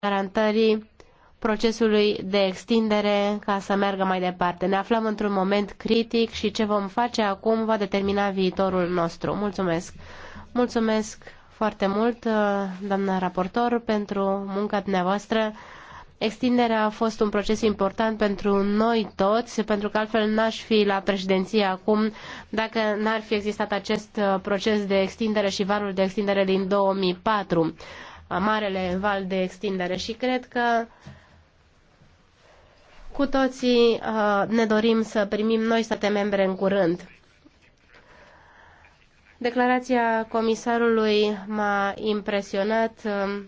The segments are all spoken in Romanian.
garantării procesului de extindere ca să meargă mai departe. Ne aflăm într-un moment critic și ce vom face acum va determina viitorul nostru. Mulțumesc! Mulțumesc foarte mult, uh, doamna raportor, pentru munca dumneavoastră. Extinderea a fost un proces important pentru noi toți, pentru că altfel n-aș fi la președinție acum dacă n-ar fi existat acest uh, proces de extindere și varul de extindere din 2004 marele val de extindere și cred că cu toții uh, ne dorim să primim noi state membre în curând. Declarația comisarului m-a impresionat uh,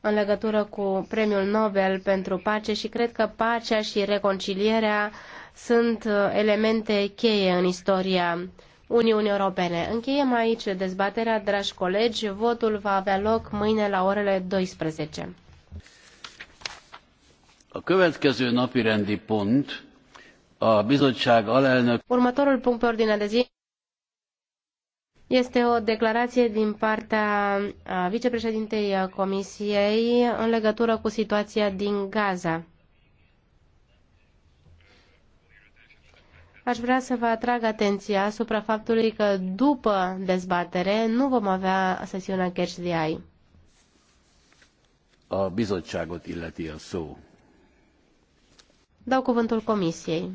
în legătură cu premiul Nobel pentru pace și cred că pacea și reconcilierea sunt uh, elemente cheie în istoria Uniunii Europene. Încheiem aici dezbaterea, dragi colegi. Votul va avea loc mâine la orele 12. A következő napi rendi pont a bizottság alelnök... Următorul punct pe ordinea de zi este o declarație din partea vicepreședintei Comisiei în legătură cu situația din Gaza. Aș vrea să vă atrag atenția asupra faptului că după dezbatere nu vom avea sesiunea Catch the Eye. A bizottságot illeti a szó. Dau cuvântul comisiei.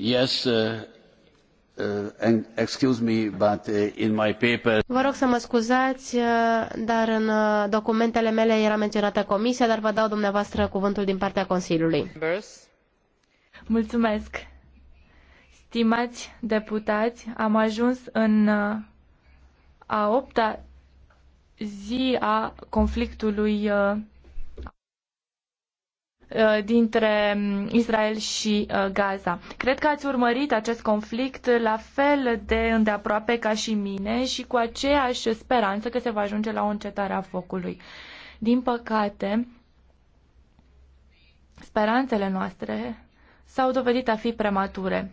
Yes, uh, Uh, excuse me, but uh, in my paper... Vă rog să mă scuzați, uh, dar în documentele mele era menționată comisia, dar vă dau dumneavoastră cuvântul din partea Consiliului. Mulțumesc. Stimați deputați, am ajuns în a opta zi a conflictului Uh, dintre um, Israel și uh, Gaza. Cred că ați urmărit acest conflict la fel de îndeaproape ca și mine și cu aceeași speranță că se va ajunge la o încetare a focului. Din păcate, speranțele noastre s-au dovedit a fi premature.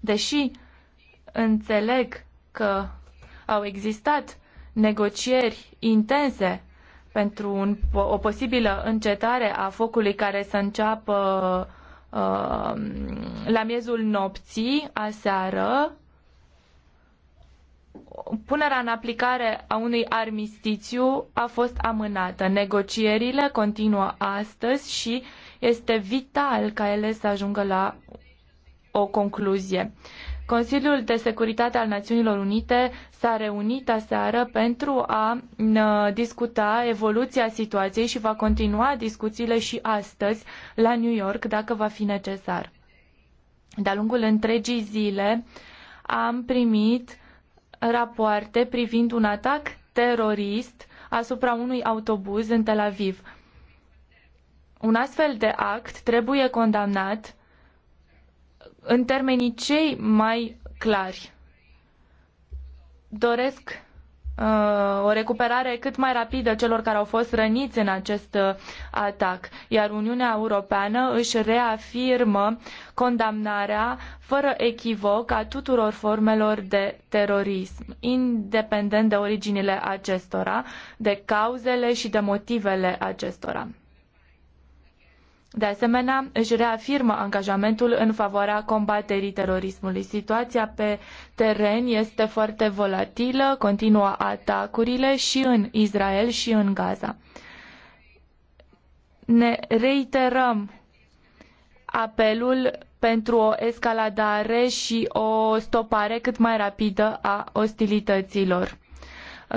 Deși înțeleg că au existat negocieri intense pentru un, o posibilă încetare a focului care să înceapă uh, la miezul nopții, aseară, punerea în aplicare a unui armistițiu a fost amânată. Negocierile continuă astăzi și este vital ca ele să ajungă la o concluzie. Consiliul de Securitate al Națiunilor Unite s-a reunit aseară pentru a discuta evoluția situației și va continua discuțiile și astăzi la New York dacă va fi necesar. De-a lungul întregii zile am primit rapoarte privind un atac terorist asupra unui autobuz în Tel Aviv. Un astfel de act trebuie condamnat în termenii cei mai clari. Doresc uh, o recuperare cât mai rapidă celor care au fost răniți în acest uh, atac, iar Uniunea Europeană își reafirmă condamnarea fără echivoc a tuturor formelor de terorism, independent de originile acestora, de cauzele și de motivele acestora. De asemenea, își reafirmă angajamentul în favoarea combaterii terorismului. Situația pe teren este foarte volatilă, continuă atacurile și în Israel și în Gaza. Ne reiterăm apelul pentru o escaladare și o stopare cât mai rapidă a ostilităților.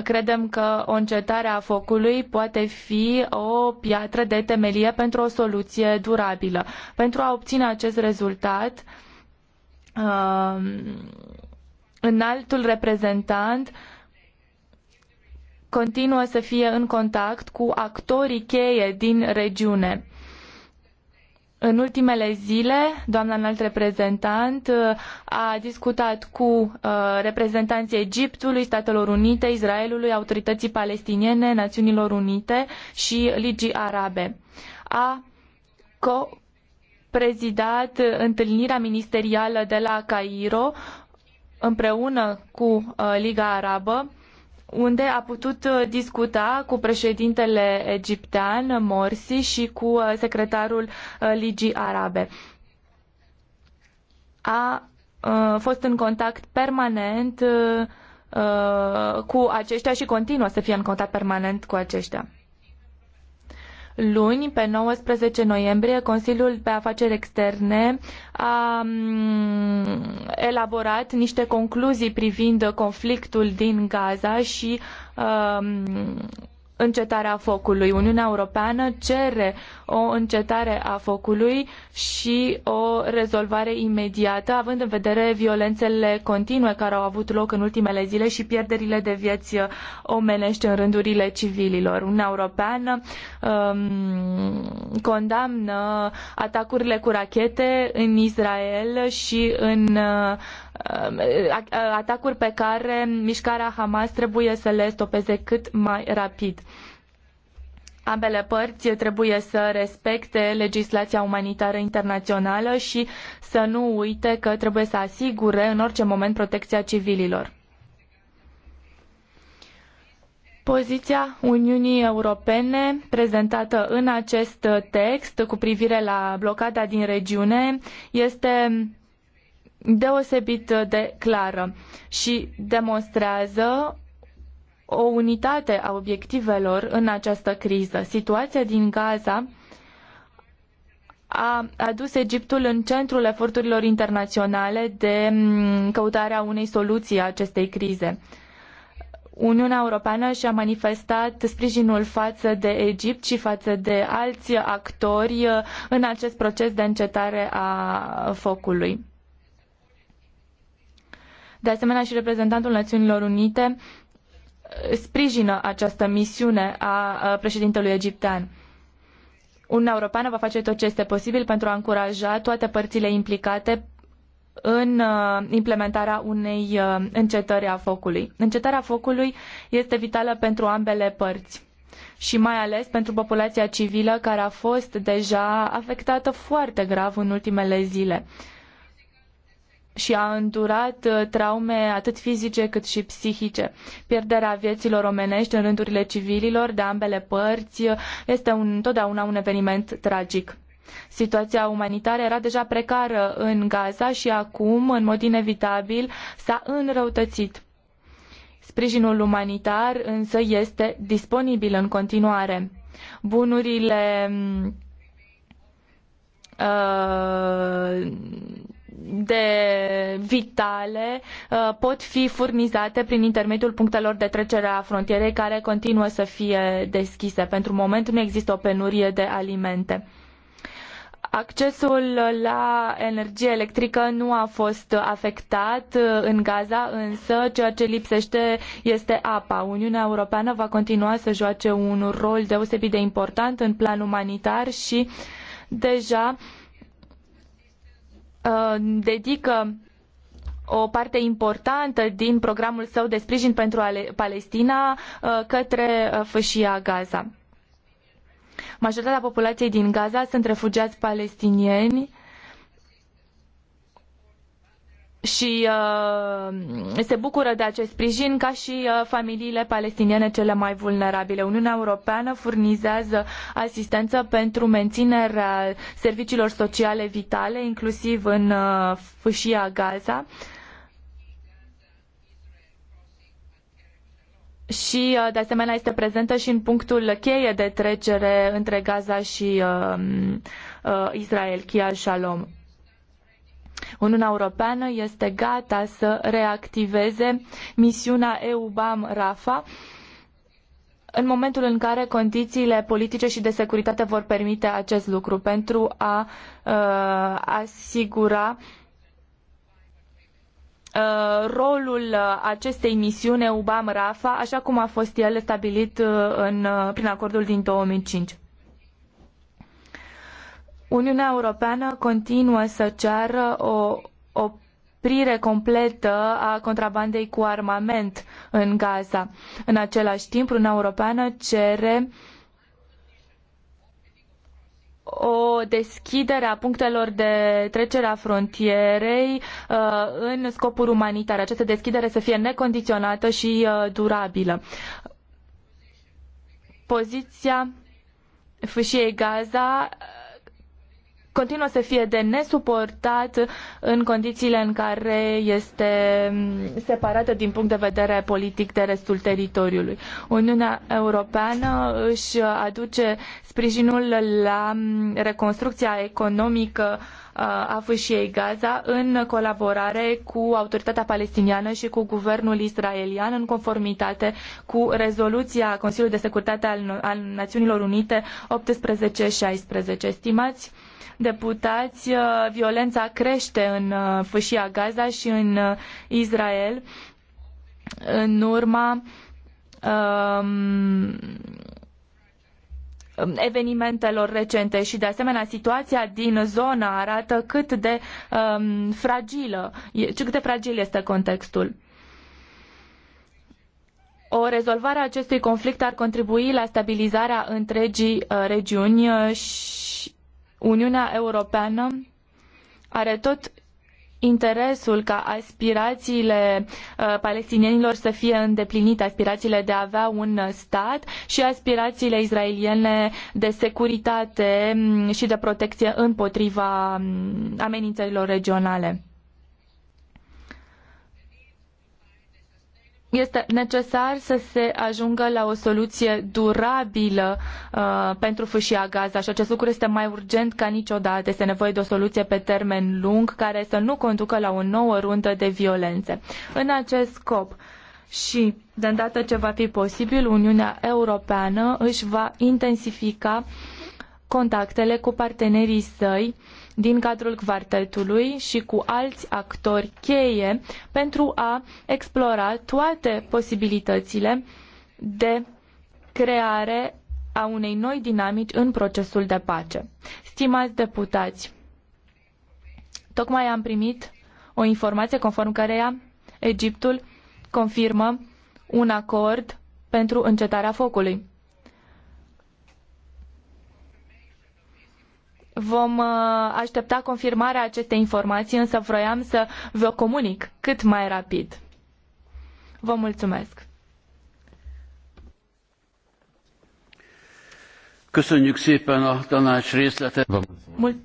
Credem că o încetare a focului poate fi o piatră de temelie pentru o soluție durabilă. Pentru a obține acest rezultat, um, înaltul reprezentant continuă să fie în contact cu actorii cheie din regiune în ultimele zile, doamna înalt reprezentant uh, a discutat cu uh, reprezentanții Egiptului, Statelor Unite, Israelului, autorității palestiniene, Națiunilor Unite și Ligii Arabe. A co-prezidat întâlnirea ministerială de la Cairo împreună cu uh, Liga Arabă unde a putut uh, discuta cu președintele egiptean Morsi și cu uh, secretarul uh, Ligii Arabe. A fost în contact permanent cu aceștia și continuă să fie în contact permanent cu aceștia luni, pe 19 noiembrie, Consiliul pe Afaceri Externe a mm, elaborat niște concluzii privind conflictul din Gaza și um, încetarea focului. Uniunea Europeană cere o încetare a focului și o rezolvare imediată, având în vedere violențele continue care au avut loc în ultimele zile și pierderile de vieți omenești în rândurile civililor. Uniunea Europeană um, condamnă atacurile cu rachete în Israel și în uh, atacuri pe care mișcarea Hamas trebuie să le stopeze cât mai rapid. Ambele părți trebuie să respecte legislația umanitară internațională și să nu uite că trebuie să asigure în orice moment protecția civililor. Poziția Uniunii Europene prezentată în acest text cu privire la blocada din regiune este deosebit de clară și demonstrează o unitate a obiectivelor în această criză. Situația din Gaza a adus Egiptul în centrul eforturilor internaționale de mm, căutarea unei soluții a acestei crize. Uniunea Europeană și-a manifestat sprijinul față de Egipt și față de alți actori uh, în acest proces de încetare a focului. De asemenea, și reprezentantul Națiunilor Unite sprijină această misiune a președintelui egiptean. Uniunea Europeană va face tot ce este posibil pentru a încuraja toate părțile implicate în implementarea unei încetări a focului. Încetarea focului este vitală pentru ambele părți și mai ales pentru populația civilă care a fost deja afectată foarte grav în ultimele zile și a îndurat uh, traume atât fizice cât și psihice. Pierderea vieților omenești în rândurile civililor de ambele părți uh, este un, întotdeauna un eveniment tragic. Situația umanitară era deja precară în Gaza și acum, în mod inevitabil, s-a înrăutățit. Sprijinul umanitar însă este disponibil în continuare. Bunurile uh, de vitale uh, pot fi furnizate prin intermediul punctelor de trecere a frontierei care continuă să fie deschise. Pentru moment nu există o penurie de alimente. Accesul la energie electrică nu a fost afectat uh, în Gaza, însă ceea ce lipsește este apa. Uniunea Europeană va continua să joace un rol deosebit de important în plan umanitar și deja uh, Uh, dedică o parte importantă din programul său de sprijin pentru Palestina uh, către uh, fâșia Gaza. Majoritatea populației din Gaza sunt refugiați palestinieni și uh, se bucură de acest sprijin ca și uh, familiile palestiniene cele mai vulnerabile. Uniunea Europeană furnizează asistență pentru menținerea serviciilor sociale vitale, inclusiv în uh, fâșia Gaza. și de asemenea este prezentă și în punctul cheie de trecere între Gaza și uh, uh, Israel, Kial Shalom. Uniunea Europeană este gata să reactiveze misiunea EUBAM Rafa în momentul în care condițiile politice și de securitate vor permite acest lucru pentru a uh, asigura uh, rolul acestei misiuni UBAM-RAFA, așa cum a fost el stabilit uh, în, uh, prin acordul din 2005. Uniunea Europeană continuă să ceară o oprire completă a contrabandei cu armament în Gaza. În același timp, Uniunea Europeană cere o deschidere a punctelor de trecere a frontierei uh, în scopuri umanitare. Această deschidere să fie necondiționată și uh, durabilă. Poziția fâșiei Gaza continuă să fie de nesuportat în condițiile în care este mm, separată din punct de vedere politic de restul teritoriului. Uniunea Europeană își aduce sprijinul la mm, reconstrucția economică uh, a fâșiei Gaza în colaborare cu autoritatea palestiniană și cu guvernul israelian în conformitate cu rezoluția Consiliului de Securitate al, Națiunilor Unite 1816. Stimați deputați, uh, violența crește în uh, fâșia Gaza și în Israel în urma um, Um, evenimentelor recente și de asemenea situația din zonă arată cât de um, fragilă, cât de fragil este contextul. O rezolvare a acestui conflict ar contribui la stabilizarea întregii uh, regiuni uh, și Uniunea Europeană are tot interesul ca aspirațiile uh, palestinienilor să fie îndeplinite, aspirațiile de a avea un stat și aspirațiile israeliene de securitate mm, și de protecție împotriva mm, amenințărilor regionale. este necesar să se ajungă la o soluție durabilă uh, pentru fâșia Gaza și acest lucru este mai urgent ca niciodată. Este nevoie de o soluție pe termen lung care să nu conducă la o nouă rundă de violențe. În acest scop și de îndată ce va fi posibil, Uniunea Europeană își va intensifica contactele cu partenerii săi uh, din cadrul quartetului și cu alți actori cheie pentru a explora toate posibilitățile de creare a unei noi dinamici în procesul de pace. Stimați deputați, tocmai am primit o informație conform căreia Egiptul confirmă un acord pentru încetarea focului. Vom uh, aștepta confirmarea acestei informații, însă vroiam să vă comunic cât mai rapid. Vă mulțumesc!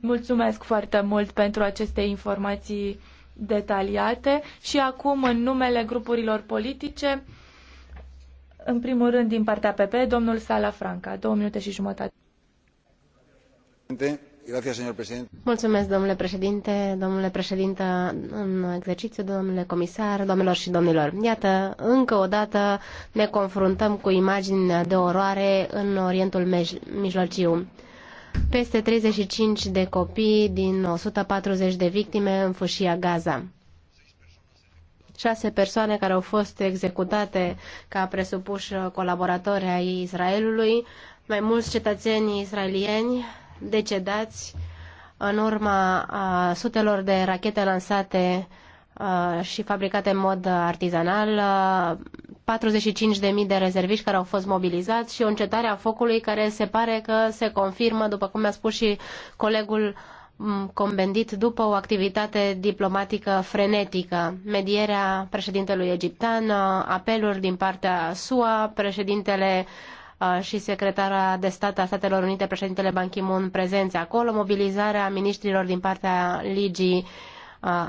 Mulțumesc foarte mult pentru aceste informații detaliate și acum în numele grupurilor politice, în primul rând din partea PP, domnul Sala Franca, două minute și jumătate. Mulțumesc, domnule președinte, domnule președinte în exercițiu, domnule comisar, domnilor și domnilor. Iată, încă o dată ne confruntăm cu imagini de oroare în Orientul Mijlociu. Peste 35 de copii din 140 de victime în fâșia Gaza. Șase persoane care au fost executate ca presupuși colaboratori ai Israelului, mai mulți cetățeni israelieni, decedați în urma a sutelor de rachete lansate și fabricate în mod artizanal, 45.000 de rezerviști care au fost mobilizați și o încetare a focului care se pare că se confirmă, după cum mi-a spus și colegul Combendit, după o activitate diplomatică frenetică, medierea președintelui egiptean, apeluri din partea SUA, președintele și secretara de stat a Statelor Unite, președintele Ban Ki-moon, prezenți acolo, mobilizarea ministrilor din partea Ligii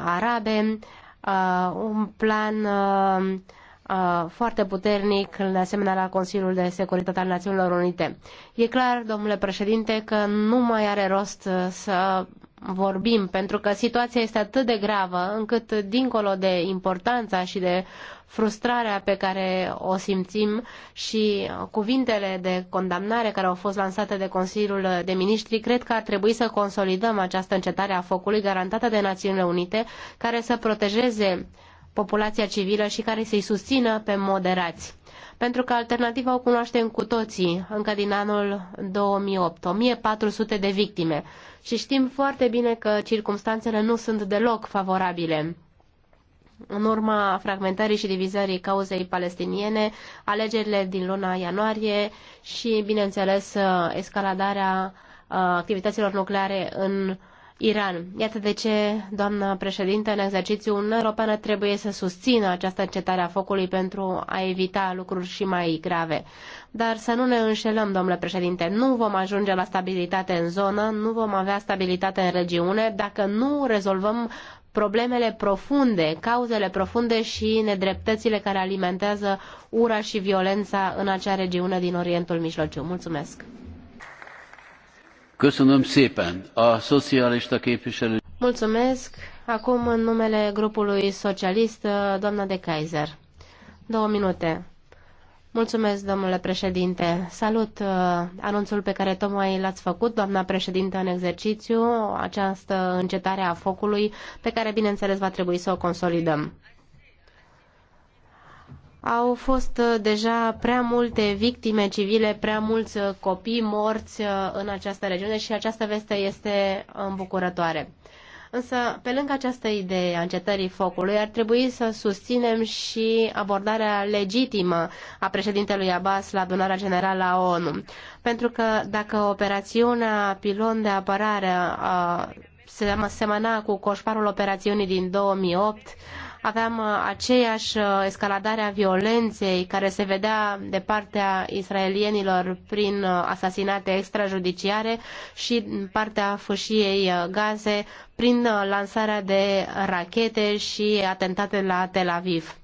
Arabe, un plan foarte puternic, de asemenea la Consiliul de Securitate al Națiunilor Unite. E clar, domnule președinte, că nu mai are rost să vorbim, pentru că situația este atât de gravă încât, dincolo de importanța și de frustrarea pe care o simțim și cuvintele de condamnare care au fost lansate de Consiliul de Ministri, cred că ar trebui să consolidăm această încetare a focului garantată de Națiunile Unite, care să protejeze populația civilă și care să-i susțină pe moderați. Pentru că alternativa o cunoaștem cu toții, încă din anul 2008, 1400 de victime. Și știm foarte bine că circumstanțele nu sunt deloc favorabile. În urma fragmentării și divizării cauzei palestiniene, alegerile din luna ianuarie și, bineînțeles, escaladarea uh, activităților nucleare în uh, Iran. Iată de ce, doamna președinte, în exercițiu Uniunea Europeană trebuie să susțină această încetare a focului pentru a evita lucruri și mai grave. Dar să nu ne înșelăm, domnule președinte, nu vom ajunge la stabilitate în zonă, nu vom avea stabilitate în regiune dacă nu rezolvăm problemele profunde, cauzele profunde și nedreptățile care alimentează ura și violența în acea regiune din Orientul Mijlociu. Mulțumesc! Mulțumesc. Acum, în numele grupului socialist, doamna de Kaiser. Două minute. Mulțumesc, domnule președinte. Salut uh, anunțul pe care tocmai l-ați făcut, doamna președintă în exercițiu, această încetare a focului, pe care, bineînțeles, va trebui să o consolidăm. Au fost uh, deja prea multe victime civile, prea mulți uh, copii morți uh, în această regiune și această veste este îmbucurătoare. Însă, pe lângă această idee a încetării focului, ar trebui să susținem și abordarea legitimă a președintelui Abbas la adunarea generală a ONU. Pentru că dacă operațiunea pilon de apărare a, se semăna cu coșparul operațiunii din 2008, aveam uh, aceeași uh, escaladare a violenței care se vedea de partea israelienilor prin uh, asasinate extrajudiciare și partea fâșiei Gaze prin lansarea de rachete și atentate la Tel Aviv.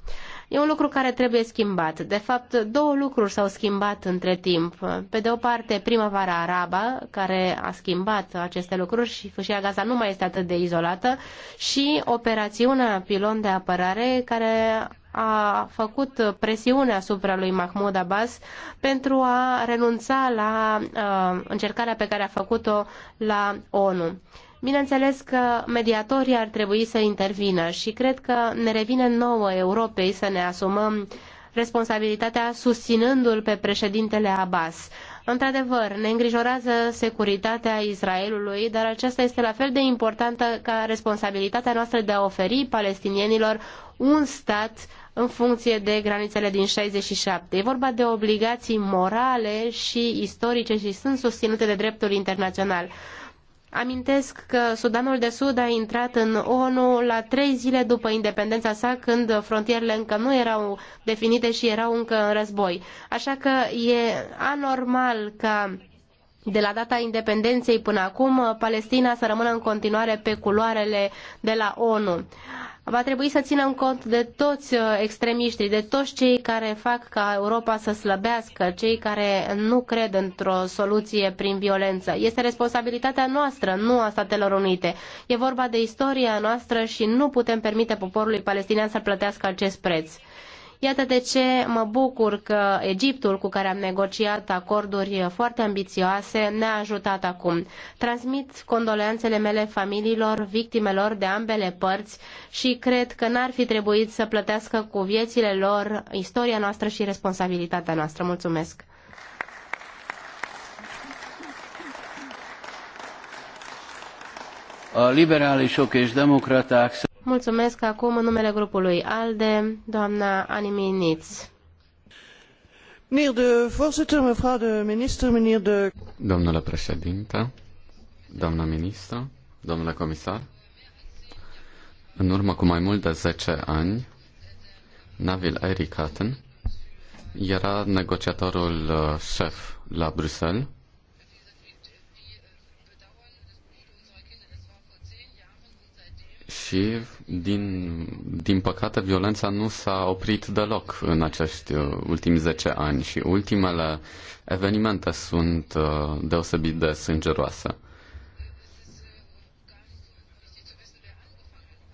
E un lucru care trebuie schimbat. De fapt, două lucruri s-au schimbat între timp. Pe de o parte, primăvara arabă, care a schimbat aceste lucruri și fâșia Gaza nu mai este atât de izolată, și operațiunea pilon de apărare, care a făcut presiune asupra lui Mahmoud Abbas pentru a renunța la uh, încercarea pe care a făcut-o la ONU. Bineînțeles că mediatorii ar trebui să intervină și cred că ne revine nouă Europei să ne asumăm responsabilitatea susținându-l pe președintele Abbas. Într-adevăr, ne îngrijorează securitatea Israelului, dar aceasta este la fel de importantă ca responsabilitatea noastră de a oferi palestinienilor un stat în funcție de granițele din 67. E vorba de obligații morale și istorice și sunt susținute de dreptul internațional. Amintesc că Sudanul de Sud a intrat în ONU la trei zile după independența sa, când frontierele încă nu erau definite și erau încă în război. Așa că e anormal ca de la data independenței până acum, Palestina să rămână în continuare pe culoarele de la ONU. Va trebui să ținem cont de toți uh, extremiștii, de toți cei care fac ca Europa să slăbească, cei care nu cred într-o soluție prin violență. Este responsabilitatea noastră, nu a Statelor Unite. E vorba de istoria noastră și nu putem permite poporului palestinian să plătească acest preț. Iată de ce mă bucur că Egiptul, cu care am negociat acorduri foarte ambițioase, ne-a ajutat acum. Transmit condoleanțele mele familiilor, victimelor de ambele părți și cred că n-ar fi trebuit să plătească cu viețile lor istoria noastră și responsabilitatea noastră. Mulțumesc! Mulțumesc acum în numele grupului ALDE, doamna Animi Niț. Domnule președinte, doamna ministră, domnule comisar, în urmă cu mai mult de 10 ani, Navil Eric Hatton era negociatorul uh, șef la Bruxelles și, din, din păcate, violența nu s-a oprit deloc în acești uh, ultimi 10 ani și ultimele evenimente sunt uh, deosebit de sângeroase.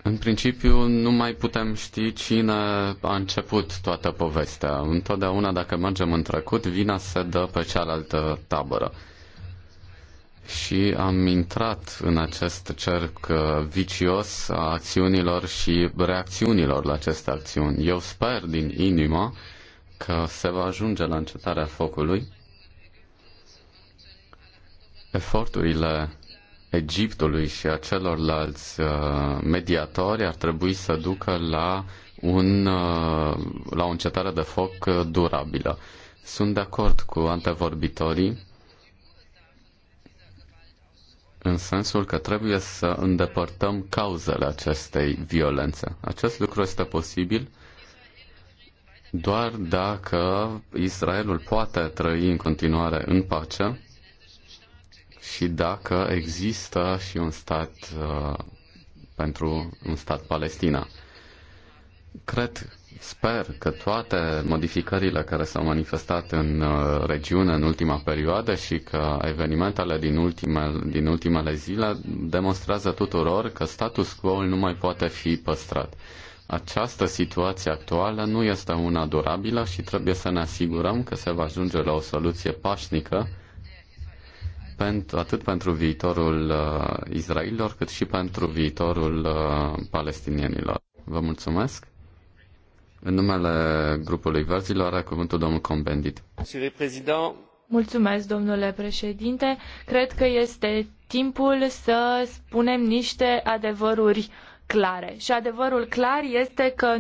În principiu, nu mai putem ști cine a început toată povestea. Întotdeauna, dacă mergem în trecut, vina se dă pe cealaltă tabără și am intrat în acest cerc uh, vicios a acțiunilor și reacțiunilor la aceste acțiuni. Eu sper din inimă că se va ajunge la încetarea focului. Eforturile Egiptului și a celorlalți uh, mediatori ar trebui să ducă la, un, uh, la o încetare de foc durabilă. Sunt de acord cu antevorbitorii în sensul că trebuie să îndepărtăm cauzele acestei violențe. Acest lucru este posibil doar dacă Israelul poate trăi în continuare în pace și dacă există și un stat uh, pentru un stat Palestina. Cred Sper că toate modificările care s-au manifestat în uh, regiune în ultima perioadă și că evenimentele din, ultime, din ultimele zile demonstrează tuturor că status quo-ul nu mai poate fi păstrat. Această situație actuală nu este una durabilă și trebuie să ne asigurăm că se va ajunge la o soluție pașnică pentru, atât pentru viitorul uh, Israelilor cât și pentru viitorul uh, palestinienilor. Vă mulțumesc! În numele grupului Verzilor are cuvântul domnul Combendit. Mulțumesc, domnule președinte. Cred că este timpul să spunem niște adevăruri clare. Și adevărul clar este că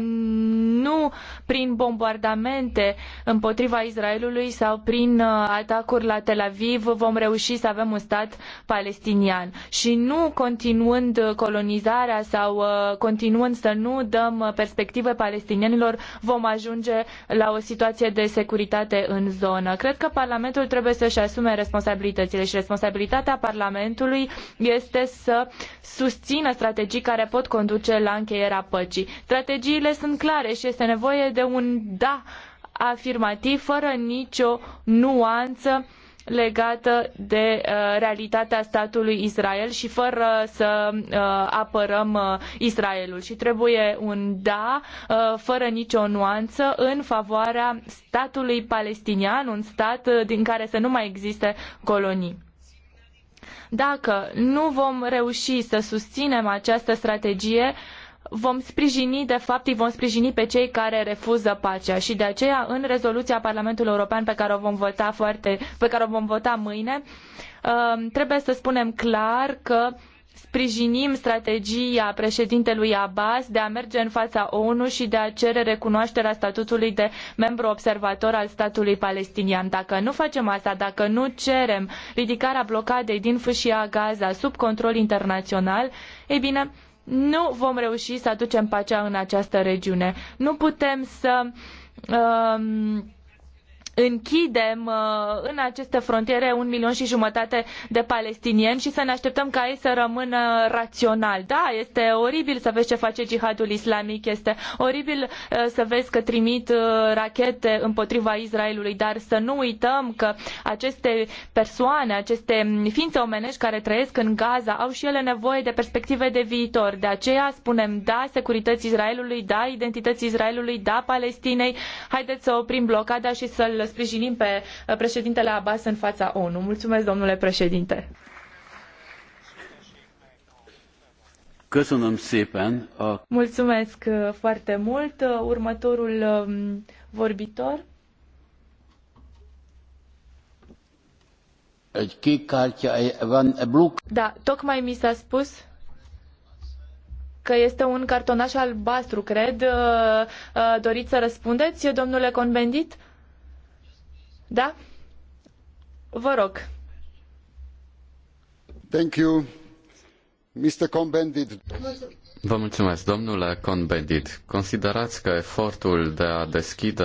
nu prin bombardamente împotriva Israelului sau prin uh, atacuri la Tel Aviv vom reuși să avem un stat palestinian. Și nu continuând colonizarea sau uh, continuând să nu dăm perspective palestinienilor, vom ajunge la o situație de securitate în zonă. Cred că Parlamentul trebuie să-și asume responsabilitățile și responsabilitatea Parlamentului este să susțină strategii care pot conduce la încheierea păcii. Strategiile sunt clare și este nevoie de un da afirmativ fără nicio nuanță legată de uh, realitatea statului Israel și fără să uh, apărăm uh, Israelul. Și trebuie un da, uh, fără nicio nuanță, în favoarea statului palestinian, un stat uh, din care să nu mai existe colonii. Dacă nu vom reuși să susținem această strategie, vom sprijini, de fapt, îi vom sprijini pe cei care refuză pacea și de aceea în rezoluția Parlamentului European pe care o vom vota foarte, pe care o vom vota mâine, uh, trebuie să spunem clar că sprijinim strategia președintelui Abbas de a merge în fața ONU și de a cere recunoașterea statutului de membru observator al statului palestinian. Dacă nu facem asta, dacă nu cerem ridicarea blocadei din fâșia Gaza sub control internațional, ei bine, nu vom reuși să aducem pacea în această regiune. Nu putem să um, închidem uh, în aceste frontiere un milion și jumătate de palestinieni și să ne așteptăm ca ei să rămână rațional. Da, este oribil să vezi ce face jihadul islamic, este oribil uh, să vezi că trimit uh, rachete împotriva Israelului, dar să nu uităm că aceste persoane, aceste ființe omenești care trăiesc în Gaza au și ele nevoie de perspective de viitor. De aceea spunem da securității Israelului, da identității Israelului, da Palestinei. Haideți să oprim blocada și să-l îl sprijinim pe uh, președintele Abbas în fața ONU. Mulțumesc, domnule președinte. Mulțumesc uh, foarte mult. Uh, următorul um, vorbitor. Da, tocmai mi s-a spus că este un cartonaș albastru, cred. Doriți să răspundeți, domnule Convendit? Da? Vă rog. Thank you. Mr. cohn Vă mulțumesc, domnule cohn Considerați că efortul de a deschide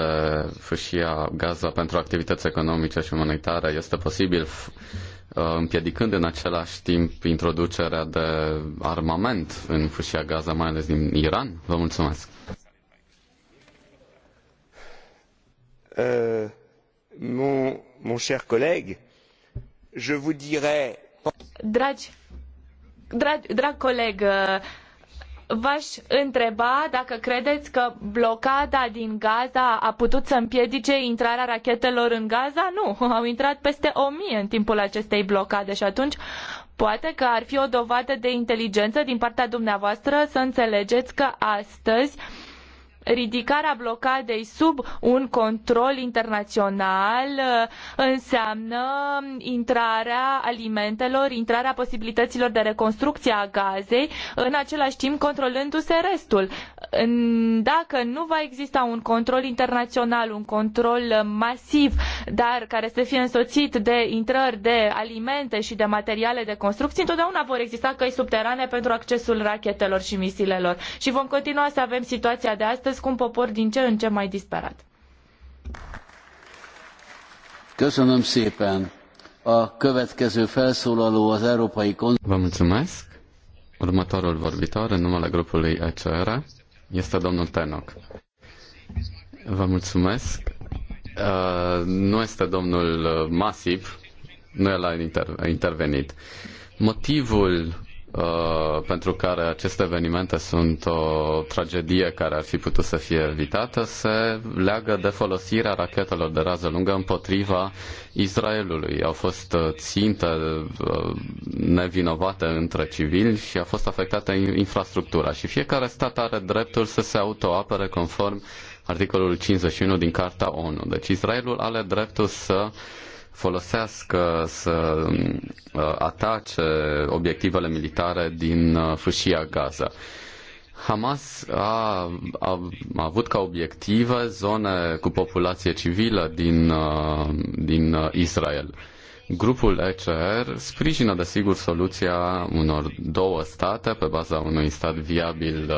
fâșia Gaza pentru activități economice și umanitare este posibil uh, împiedicând în același timp introducerea de armament în fâșia Gaza, mai ales din Iran? Vă mulțumesc. Uh mon, cher collègue je vous dirai drag coleg v-aș întreba dacă credeți că blocada din Gaza a putut să împiedice intrarea rachetelor în Gaza? Nu, au intrat peste o mie în timpul acestei blocade și atunci Poate că ar fi o dovadă de inteligență din partea dumneavoastră să înțelegeți că astăzi uh, ridicarea blocadei sub un control internațional uh, înseamnă intrarea alimentelor, intrarea posibilităților de reconstrucție a Gazei, în același timp controlându-se restul dacă nu va exista un control internațional, un control uh, masiv, dar care să fie însoțit de intrări de alimente și de materiale de construcții, întotdeauna vor exista căi subterane pentru accesul rachetelor și misilelor. Și vom continua să avem situația de astăzi cu un popor din ce în ce mai disperat. Vă mulțumesc. Următorul vorbitor în numele grupului ECR este domnul Tenoc. Vă mulțumesc. Uh, nu este domnul uh, Masip, nu el a intervenit. Motivul Uh, pentru care aceste evenimente sunt o tragedie care ar fi putut să fie evitată se leagă de folosirea rachetelor de rază lungă împotriva Israelului. Au fost uh, ținte uh, nevinovate între civili și a fost afectată infrastructura și fiecare stat are dreptul să se autoapere conform articolul 51 din Carta ONU. Deci Israelul are dreptul să uh, folosească să uh, atace obiectivele militare din uh, fâșia Gaza. Hamas a, a, a avut ca obiective zone cu populație civilă din, uh, din Israel. Grupul ECR sprijină, desigur, soluția unor două state pe baza unui stat viabil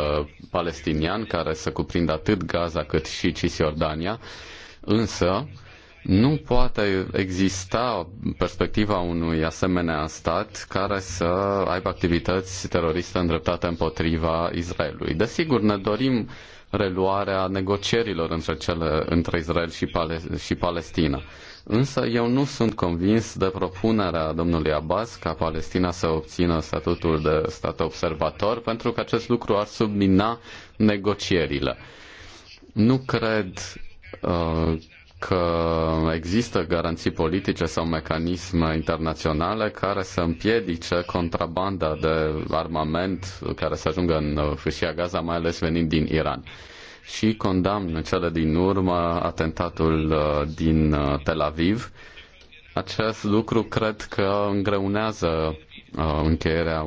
palestinian care să cuprindă atât Gaza cât și Cisjordania, însă nu poate exista perspectiva unui asemenea stat care să aibă activități teroriste îndreptate împotriva Israelului. Desigur, ne dorim reluarea negocierilor între, cele, între Israel și, Pale, și Palestina. Însă eu nu sunt convins de propunerea domnului Abbas ca Palestina să obțină statutul de stat observator, pentru că acest lucru ar submina negocierile. Nu cred uh, că există garanții politice sau mecanisme internaționale care să împiedice contrabanda de armament care să ajungă în fâșia Gaza, mai ales venind din Iran. Și condamn în cele din urmă atentatul uh, din uh, Tel Aviv. Acest lucru cred că îngreunează uh, încheierea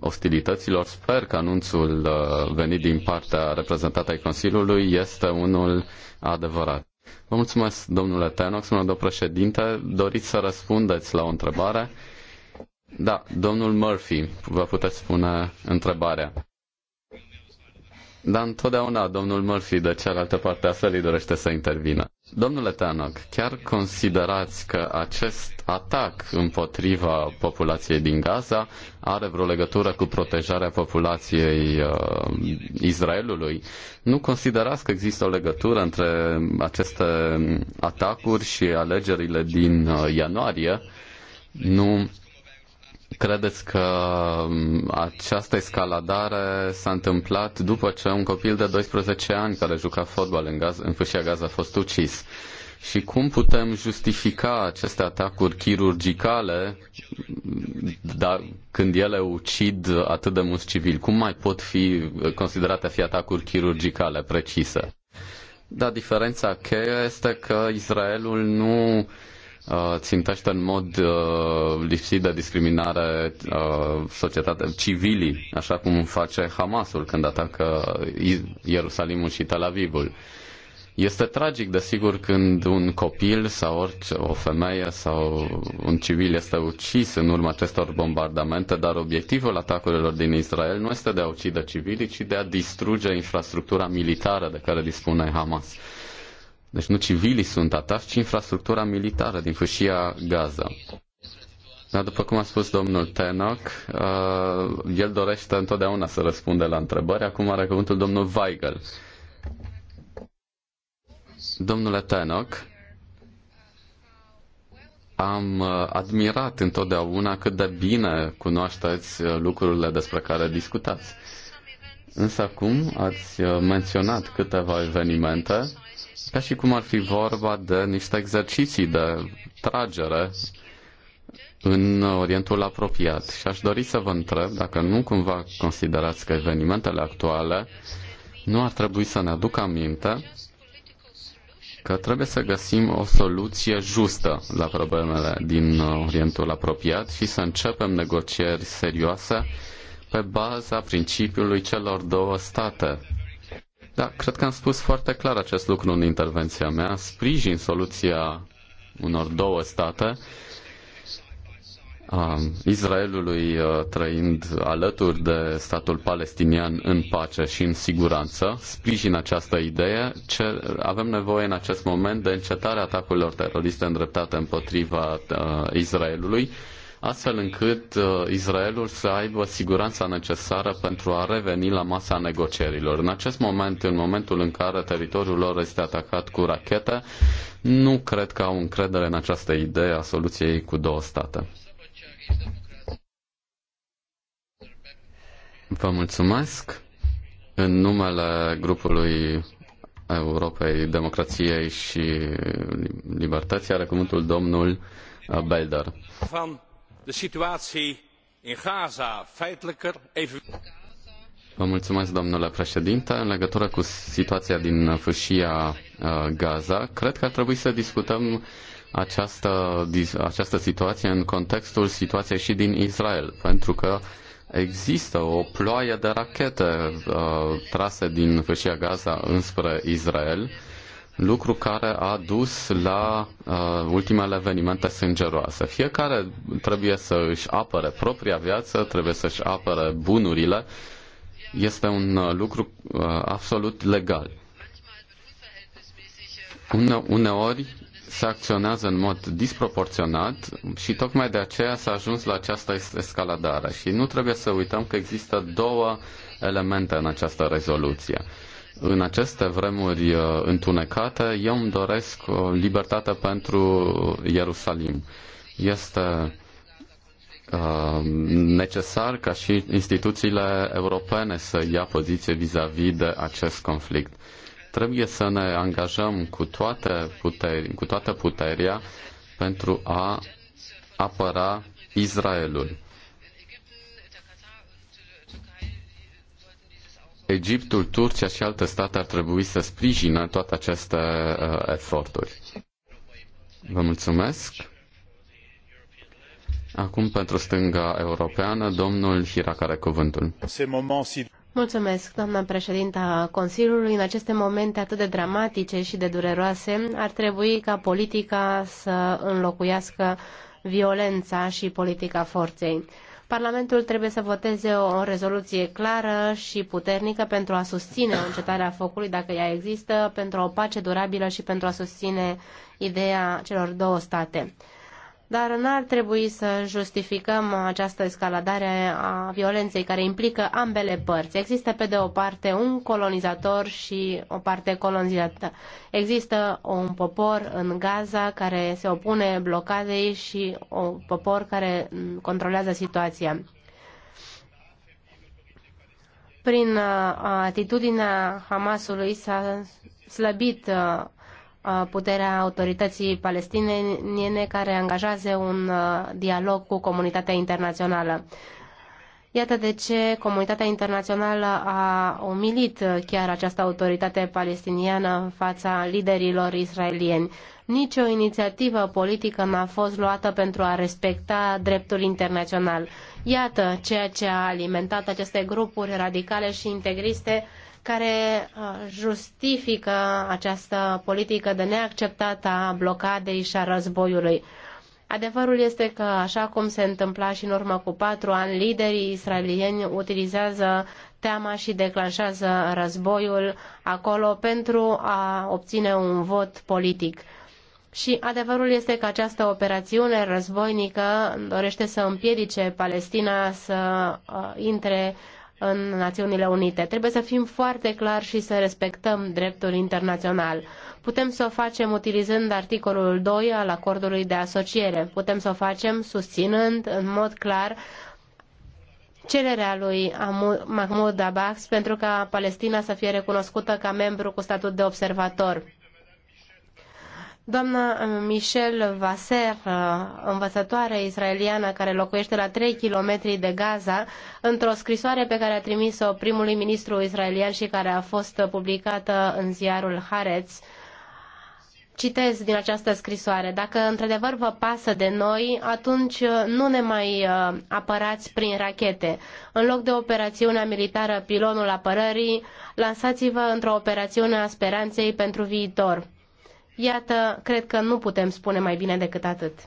ostilităților. Sper că anunțul venit din partea reprezentată ai Consiliului este unul adevărat. Vă mulțumesc, domnule Tenox, domnule președinte. Doriți să răspundeți la o întrebare? Da, domnul Murphy, vă puteți spune întrebarea. Dar întotdeauna domnul Murphy de cealaltă parte a sălii dorește să intervină. Domnule Tanok, chiar considerați că acest atac împotriva populației din Gaza are vreo legătură cu protejarea populației uh, Israelului? Nu considerați că există o legătură între aceste atacuri și alegerile din uh, ianuarie? Nu Credeți că mm, această escaladare s-a întâmplat după ce un copil de 12 ani care juca fotbal în, gaz, în fâșia Gaza a fost ucis? Și cum putem justifica aceste atacuri chirurgicale mm, dar când ele ucid atât de mulți civili? Cum mai pot fi eh, considerate a fi atacuri chirurgicale precise? Da, diferența cheie este că Israelul nu Uh, țintește în mod uh, lipsit de discriminare uh, societatea civilii, așa cum face Hamasul când atacă Ierusalimul și Tel Avivul. Este tragic, desigur, când un copil sau orice, o femeie sau un civil este ucis în urma acestor bombardamente, dar obiectivul atacurilor din Israel nu este de a ucide civilii, ci de a distruge infrastructura militară de care dispune Hamas. Deci nu civilii sunt atași, ci infrastructura militară din fâșia Gaza. Dar după cum a spus domnul Tenok, uh, el dorește întotdeauna să răspunde la întrebări. Acum are cuvântul domnul Weigel. Domnule Tenok, am uh, admirat întotdeauna cât de bine cunoașteți uh, lucrurile despre care discutați. Însă acum ați uh, menționat câteva evenimente ca și cum ar fi vorba de niște exerciții de tragere în Orientul apropiat. Și aș dori să vă întreb dacă nu cumva considerați că evenimentele actuale nu ar trebui să ne aducă aminte că trebuie să găsim o soluție justă la problemele din Orientul apropiat și să începem negocieri serioase pe baza principiului celor două state da, cred că am spus foarte clar acest lucru în intervenția mea. Sprijin soluția unor două state, Israelului trăind alături de statul palestinian în pace și în siguranță, sprijin această idee. Ce avem nevoie în acest moment de încetarea atacurilor teroriste îndreptate împotriva Israelului astfel încât uh, Israelul să aibă siguranța necesară pentru a reveni la masa negocierilor. În acest moment, în momentul în care teritoriul lor este atacat cu rachete, nu cred că au încredere în această idee a soluției cu două state. Vă mulțumesc. În numele grupului Europei Democrației și Libertății are cuvântul domnul Belder de situatie în Gaza feitelijker, even... Vă mulțumesc, domnule președinte. În legătură cu situația din fâșia uh, Gaza, cred că ar trebui să discutăm această, această situație în contextul situației și din Israel, pentru că există o ploaie de rachete uh, trase din fâșia Gaza înspre Israel lucru care a dus la uh, ultimele evenimente sângeroase. Fiecare trebuie să își apere propria viață, trebuie să își apere bunurile. Este un uh, lucru uh, absolut legal. Une, uneori se acționează în mod disproporționat și tocmai de aceea s-a ajuns la această escaladare. Și nu trebuie să uităm că există două elemente în această rezoluție. Uh, în aceste vremuri uh, întunecate, eu îmi doresc o uh, libertate pentru Ierusalim. Este uh, necesar ca și instituțiile europene să ia poziție vis-a-vis -vis de acest conflict. Trebuie să ne angajăm cu toate, puteri, cu toată puterea pentru a apăra Israelul. Egiptul, Turcia și alte state ar trebui să sprijină toate aceste uh, eforturi. Vă mulțumesc. Acum pentru stânga europeană, domnul Hirac are cuvântul. Mulțumesc, doamna președinta Consiliului. În aceste momente atât de dramatice și de dureroase, ar trebui ca politica să înlocuiască violența și politica forței. Parlamentul trebuie să voteze o rezoluție clară și puternică pentru a susține încetarea focului, dacă ea există, pentru o pace durabilă și pentru a susține ideea celor două state dar n-ar trebui să justificăm această escaladare a violenței care implică ambele părți. Există pe de o parte un colonizator și o parte colonizată. Există un popor în Gaza care se opune blocadei și un popor care controlează situația prin uh, atitudinea Hamasului s-a slăbit uh, Uh, puterea autorității palestiniene care angajează un uh, dialog cu comunitatea internațională. Iată de ce comunitatea internațională a omilit chiar această autoritate palestiniană în fața liderilor israelieni. Nici o inițiativă politică n-a fost luată pentru a respecta dreptul internațional. Iată ceea ce a alimentat aceste grupuri radicale și integriste care uh, justifică această politică de neacceptat a blocadei și a războiului. Adevărul este că, așa cum se întâmpla și în urmă cu patru ani, liderii israelieni utilizează teama și declanșează războiul acolo pentru a obține un vot politic. Și adevărul este că această operațiune războinică dorește să împiedice Palestina să uh, intre în Națiunile Unite. Trebuie să fim foarte clari și să respectăm dreptul internațional. Putem să o facem utilizând articolul 2 al acordului de asociere. Putem să o facem susținând în mod clar cererea lui Mahmoud Abbas pentru ca Palestina să fie recunoscută ca membru cu statut de observator Doamna uh, Michelle Vaser, uh, învățătoare israeliană care locuiește la 3 kilometri de Gaza, într-o scrisoare pe care a trimis-o primului ministru israelian și care a fost publicată în ziarul Haaretz, citez din această scrisoare. Dacă într-adevăr vă pasă de noi, atunci uh, nu ne mai apărați prin rachete. În loc de operațiunea militară Pilonul Apărării, lansați-vă într-o operațiune a speranței pentru viitor. Iată, cred că nu putem spune mai bine decât atât.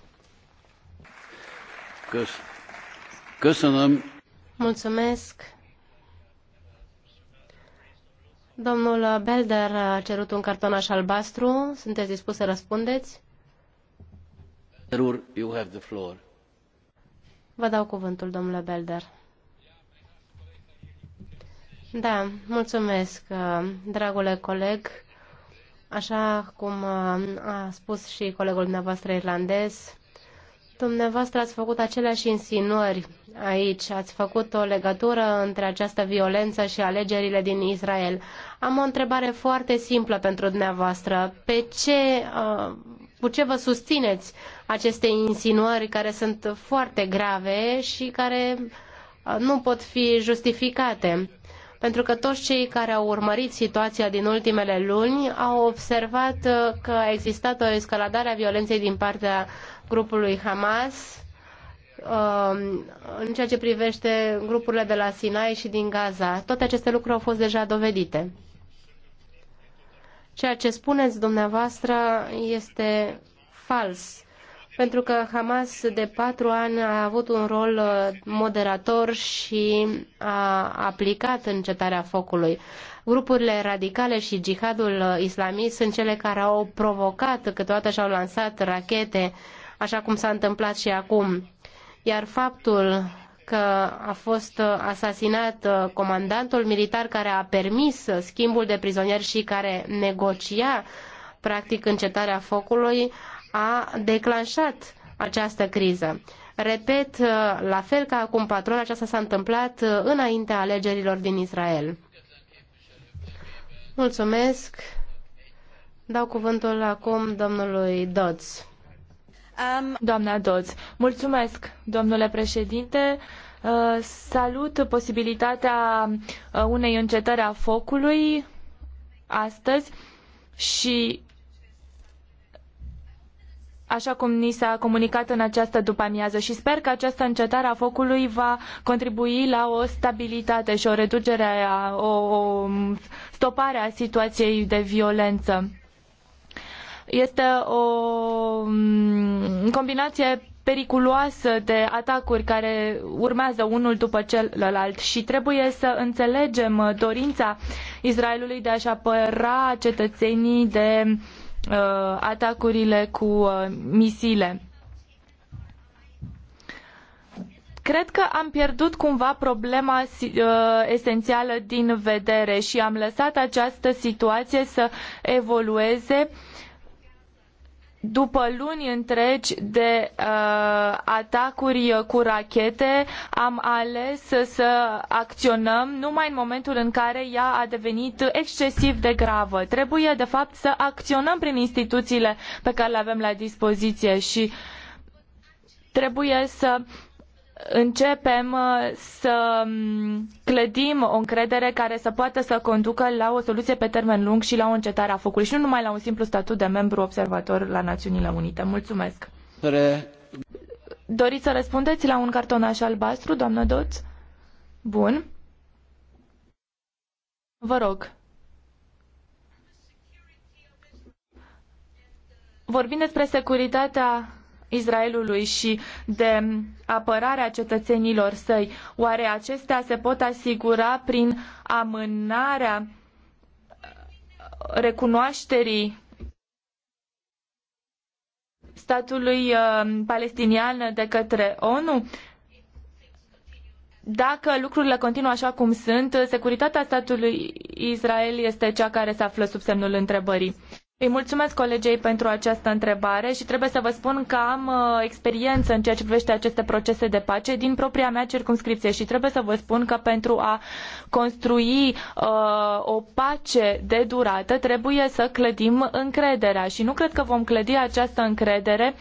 Mulțumesc. Domnul Belder a cerut un cartonaș albastru. Sunteți dispus să răspundeți? You have the floor. Vă dau cuvântul, domnule Belder. Da, mulțumesc, dragule coleg. Așa cum uh, a spus și colegul dumneavoastră irlandez, dumneavoastră ați făcut aceleași insinuări aici, ați făcut o legătură între această violență și alegerile din Israel. Am o întrebare foarte simplă pentru dumneavoastră. Pe ce, uh, cu ce vă susțineți aceste insinuări care sunt foarte grave și care uh, nu pot fi justificate? pentru că toți cei care au urmărit situația din ultimele luni au observat uh, că a existat o escaladare a violenței din partea grupului Hamas um, în ceea ce privește grupurile de la Sinai și din Gaza. Toate aceste lucruri au fost deja dovedite. Ceea ce spuneți dumneavoastră este fals pentru că Hamas de patru ani a avut un rol uh, moderator și a aplicat încetarea focului. Grupurile radicale și jihadul uh, islamist sunt cele care au provocat, câteodată și-au lansat rachete, așa cum s-a întâmplat și acum. Iar faptul că a fost uh, asasinat comandantul militar care a permis schimbul de prizonieri și care negocia practic încetarea focului, a declanșat această criză. Repet, uh, la fel ca acum patru ani, aceasta s-a întâmplat uh, înaintea alegerilor din Israel. Mulțumesc. Dau cuvântul acum domnului Dodds. Um... Doamna Dodds, mulțumesc, domnule președinte. Uh, salut posibilitatea unei încetări a focului astăzi și așa cum ni s-a comunicat în această după-amiază și sper că această încetare a focului va contribui la o stabilitate și o reducere, a, o, o stopare a situației de violență. Este o mm, combinație periculoasă de atacuri care urmează unul după celălalt și trebuie să înțelegem dorința Israelului de a-și apăra cetățenii de uh, Uh, atacurile cu uh, misile. Cred că am pierdut cumva problema uh, esențială din vedere și am lăsat această situație să evolueze uh, după luni întregi de uh, atacuri cu rachete, am ales să acționăm numai în momentul în care ea a devenit excesiv de gravă. Trebuie, de fapt, să acționăm prin instituțiile pe care le avem la dispoziție și trebuie să începem uh, să mm, clădim o încredere care să poată să conducă la o soluție pe termen lung și la o încetare a focului și nu numai la un simplu statut de membru observator la Națiunile Unite. Mulțumesc! Doriți să răspundeți la un cartonaș albastru, doamnă Doț? Bun. Vă rog. Vorbim despre securitatea Israelului și de apărarea cetățenilor săi, oare acestea se pot asigura prin amânarea recunoașterii statului uh, palestinian de către ONU? Dacă lucrurile continuă așa cum sunt, securitatea statului Israel este cea care se află sub semnul întrebării. Îi mulțumesc colegei pentru această întrebare și trebuie să vă spun că am uh, experiență în ceea ce privește aceste procese de pace din propria mea circumscripție și trebuie să vă spun că pentru a construi uh, o pace de durată trebuie să clădim încrederea și nu cred că vom clădi această încredere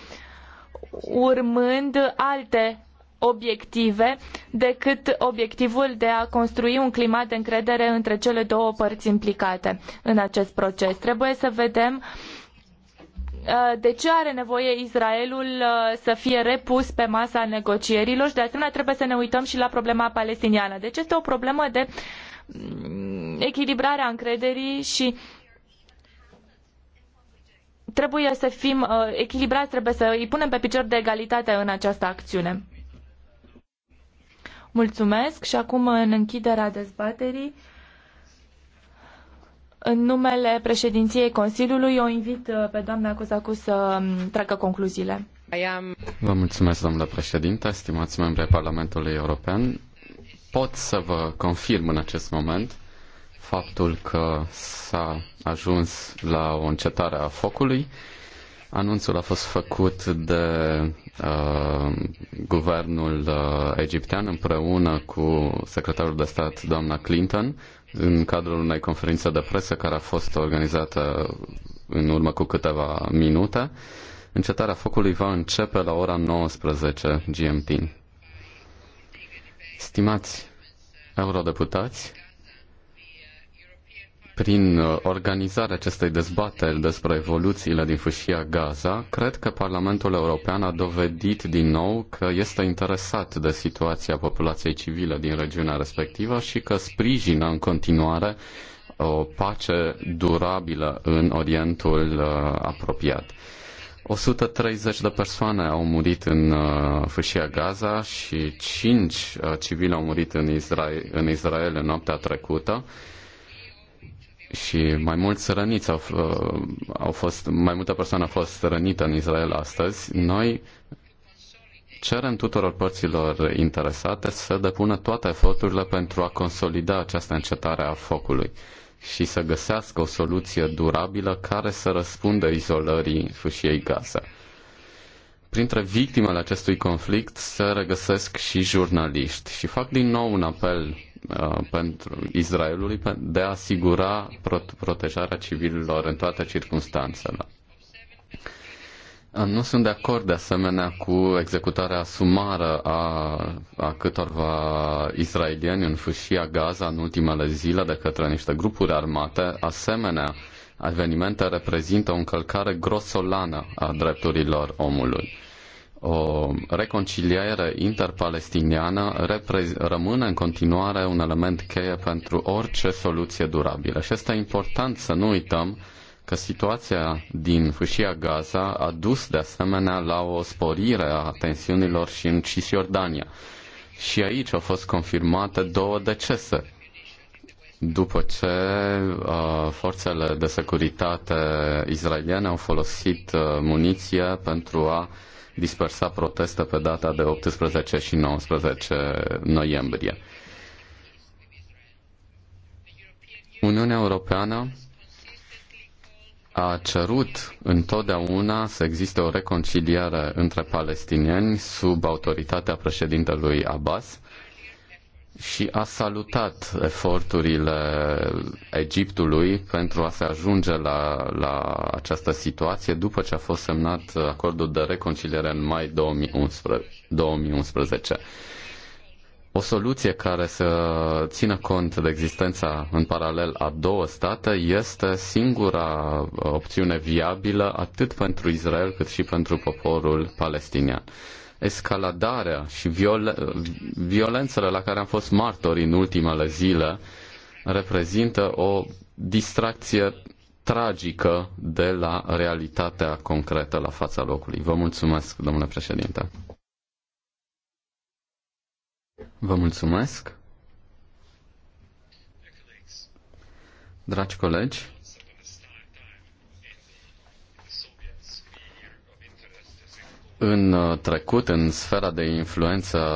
urmând alte obiective decât obiectivul de a construi un climat de încredere între cele două părți implicate în acest proces. Trebuie să vedem uh, de ce are nevoie Israelul uh, să fie repus pe masa negocierilor și de asemenea trebuie să ne uităm și la problema palestiniană. Deci este o problemă de mm, echilibrare a încrederii și trebuie să fim uh, echilibrați, trebuie să îi punem pe picior de egalitate în această acțiune. Mulțumesc și acum în închiderea dezbaterii, în numele președinției Consiliului, o invit uh, pe doamna Cuzacu să um, tragă concluziile. Vă mulțumesc, domnule președinte, stimați membri ai Parlamentului European. Pot să vă confirm în acest moment faptul că s-a ajuns la o încetare a focului. Anunțul a fost făcut de uh, guvernul uh, egiptean împreună cu secretarul de stat doamna Clinton în cadrul unei conferințe de presă care a fost organizată în urmă cu câteva minute. Încetarea focului va începe la ora 19 GMT. Stimați eurodeputați, prin uh, organizarea acestei dezbateri despre evoluțiile din fâșia Gaza, cred că Parlamentul European a dovedit din nou că este interesat de situația populației civile din regiunea respectivă și că sprijină în continuare o pace durabilă în Orientul uh, apropiat. 130 de persoane au murit în uh, fâșia Gaza și 5 civili au murit în Israel în, Israel în noaptea trecută și mai mulți răniți au, uh, au fost, mai multe persoane au fost rănite în Israel astăzi, noi cerem tuturor părților interesate să depună toate eforturile pentru a consolida această încetare a focului și să găsească o soluție durabilă care să răspundă izolării fâșiei Gaza. Printre victimele acestui conflict se regăsesc și jurnaliști și fac din nou un apel Uh, pentru Israelului de a asigura protejarea civililor în toate circunstanțele. Nu sunt de acord de asemenea cu executarea sumară a, a câtorva israelieni în fâșia Gaza în ultimele zile de către niște grupuri armate. Asemenea, evenimente reprezintă o încălcare grosolană a drepturilor omului o reconciliere interpalestiniană rămâne în continuare un element cheie pentru orice soluție durabilă. Și este important să nu uităm că situația din fâșia Gaza a dus de asemenea la o sporire a tensiunilor și în Cisjordania. Și aici au fost confirmate două decese. După ce uh, forțele de securitate israeliene au folosit uh, muniție pentru a uh, dispersa proteste pe data de 18 și 19 noiembrie. Uniunea Europeană a cerut întotdeauna să existe o reconciliere între palestinieni sub autoritatea președintelui Abbas și a salutat eforturile Egiptului pentru a se ajunge la, la această situație după ce a fost semnat acordul de reconciliere în mai 2011. O soluție care să țină cont de existența în paralel a două state este singura opțiune viabilă atât pentru Israel cât și pentru poporul palestinian escaladarea și viol- violențele la care am fost martori în ultimele zile reprezintă o distracție tragică de la realitatea concretă la fața locului. Vă mulțumesc, domnule președinte. Vă mulțumesc. Dragi colegi, În uh, trecut, în sfera de influență